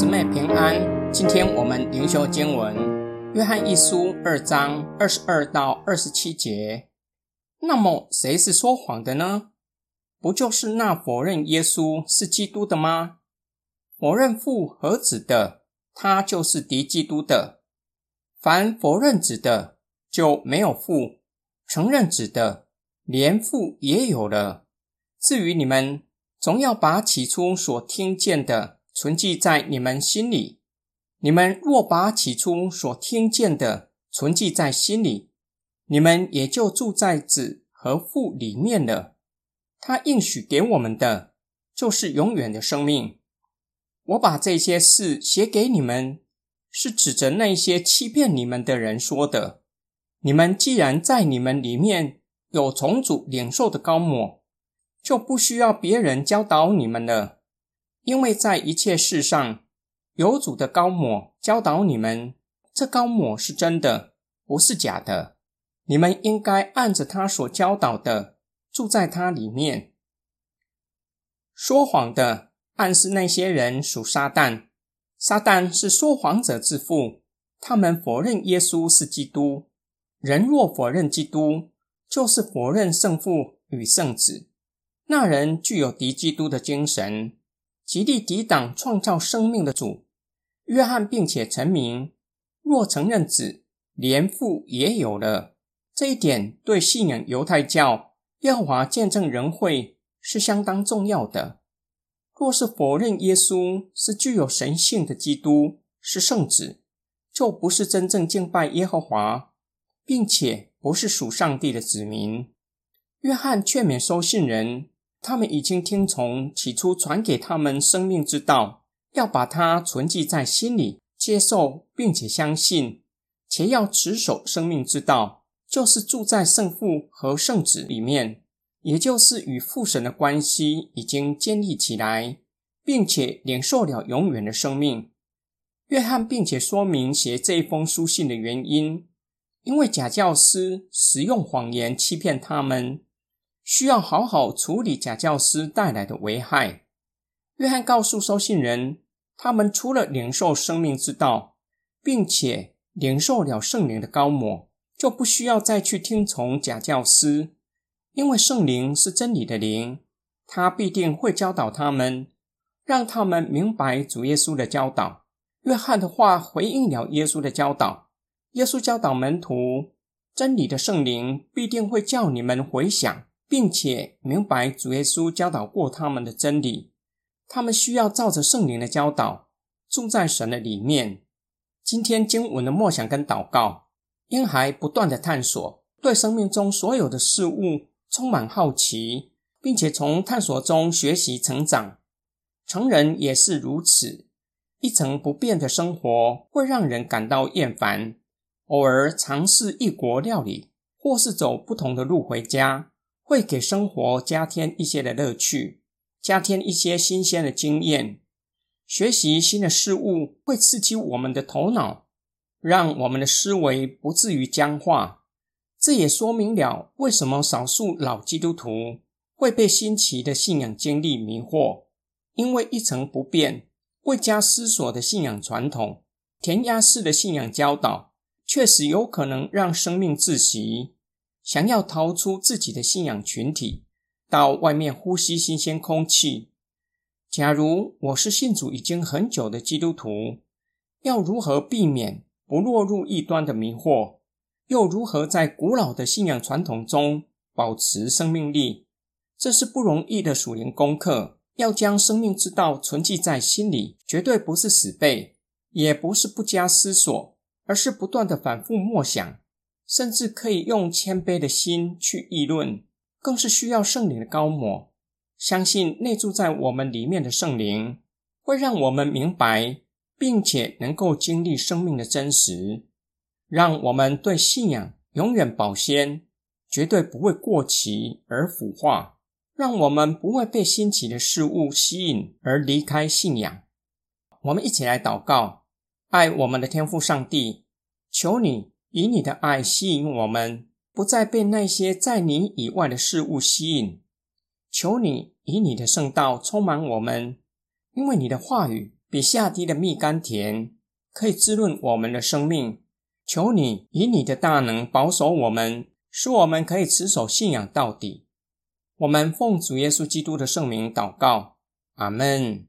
姊妹平安，今天我們靈修經文《約翰一書》二章二十二到二十七節。那麼誰是說謊的呢？不就是那否認耶穌是基督的嗎？否認父和子的，他就是敵基督的。凡否認子的，就沒有父；承認子的，連父也有了。至於你們，總要把起初所聽見的，存記在你們心裡。你們若把起初所聽見的存記在心裡，你們也就住在子和父裡面了。他應許給我們的，就是永遠的生命。我把這些事寫給你們，是指着那些欺騙你們的人說的。你們既然在你們裡面有從主領受的膏抹，就不需要別人教導你們了。因為在一切事上，有主的膏抹教導你們，這膏抹是真的，不是假的。你們應該按着他所教導的，住在他裡面。說謊的暗示那些人屬撒旦，撒旦是說謊者之父。他們否認耶穌是基督。人若否認基督，就是否認聖父與聖子。那人具有敵基督的精神。極力抵擋創造生命的主。約翰，並且陳明，若承認子，連父也有了。這一點對信仰猶太教耶和華見證人會是相當重要的。若是否認耶穌是具有神性的基督，是聖子，就不是真正敬拜耶和華，並且不是屬上帝的子民。約翰勸勉收信人。他們已經聽從起初傳給他們生命之道，要把它存記在心裡，接受並且相信，且要持守生命之道，就是住在聖父和聖子裡面，也就是與父神的關係已經建立起來，並且領受了永遠的生命。約翰並且說明寫這一封書信的原因，因為假教師使用謊言欺騙他們。需要好好處理假教師帶來的危害。約翰告訴收信人，他們除了領受生命之道，並且領受了聖靈的膏抹，就不需要再去聽從假教師，因為聖靈是真理的靈，他必定會教導他們，讓他們明白主耶穌的教導。約翰的話回應了耶穌的教導。耶穌教導門徒：“真理的聖靈必定會叫你們回想。”並且明白主耶穌教導過他們的真理，他們需要照着聖靈的教導住在神的裡面。今天經文的默想跟禱告，嬰孩，不斷的探索，對生命中所有的事物充滿好奇，並且從探索中學習成長。成人也是如此，一成不變的生活會讓人感到厭煩。偶爾嘗試異國料理，或是走不同的路回家。會給生活加添一些的樂趣，加添一些新鮮的經驗。學習新的事物會刺激我們的頭腦，讓我們的思維不至於僵化。這也說明了為什麼少數老基督徒會被新奇的信仰經歷迷惑，因為一成不變、未加思索的信仰傳統、填鴨式的信仰教導，確實有可能讓生命窒息。想要逃出自己的信仰群體，到外面呼吸新鮮空氣。假如我是信主已經很久的基督徒，要如何避免不落入異端的迷惑，又如何在古老的信仰傳統中保持生命力？這是不容易的屬靈功課。要將生命之道存記在心裡，絕對不是死背，也不是不加思索，而是不斷的反覆默想。甚至可以用謙卑的心去議論，更是需要聖靈的膏抹。相信內住在我們裡面的聖靈，會讓我們明白，並且能夠經歷生命的真實，讓我們對信仰永遠保鮮，絕對不會過期而腐化，讓我們不會被新奇的事物吸引而離開信仰。我們一起來禱告，愛我們的天父上帝，求你。以你的愛吸引我們，不再被那些在你以外的事物吸引。求你以你的聖道充滿我們，因為你的話語比下滴的蜜甘甜，可以滋潤我們的生命。求你以你的大能保守我們，使我們可以持守信仰到底。我們奉主耶穌基督的聖名禱告，阿門。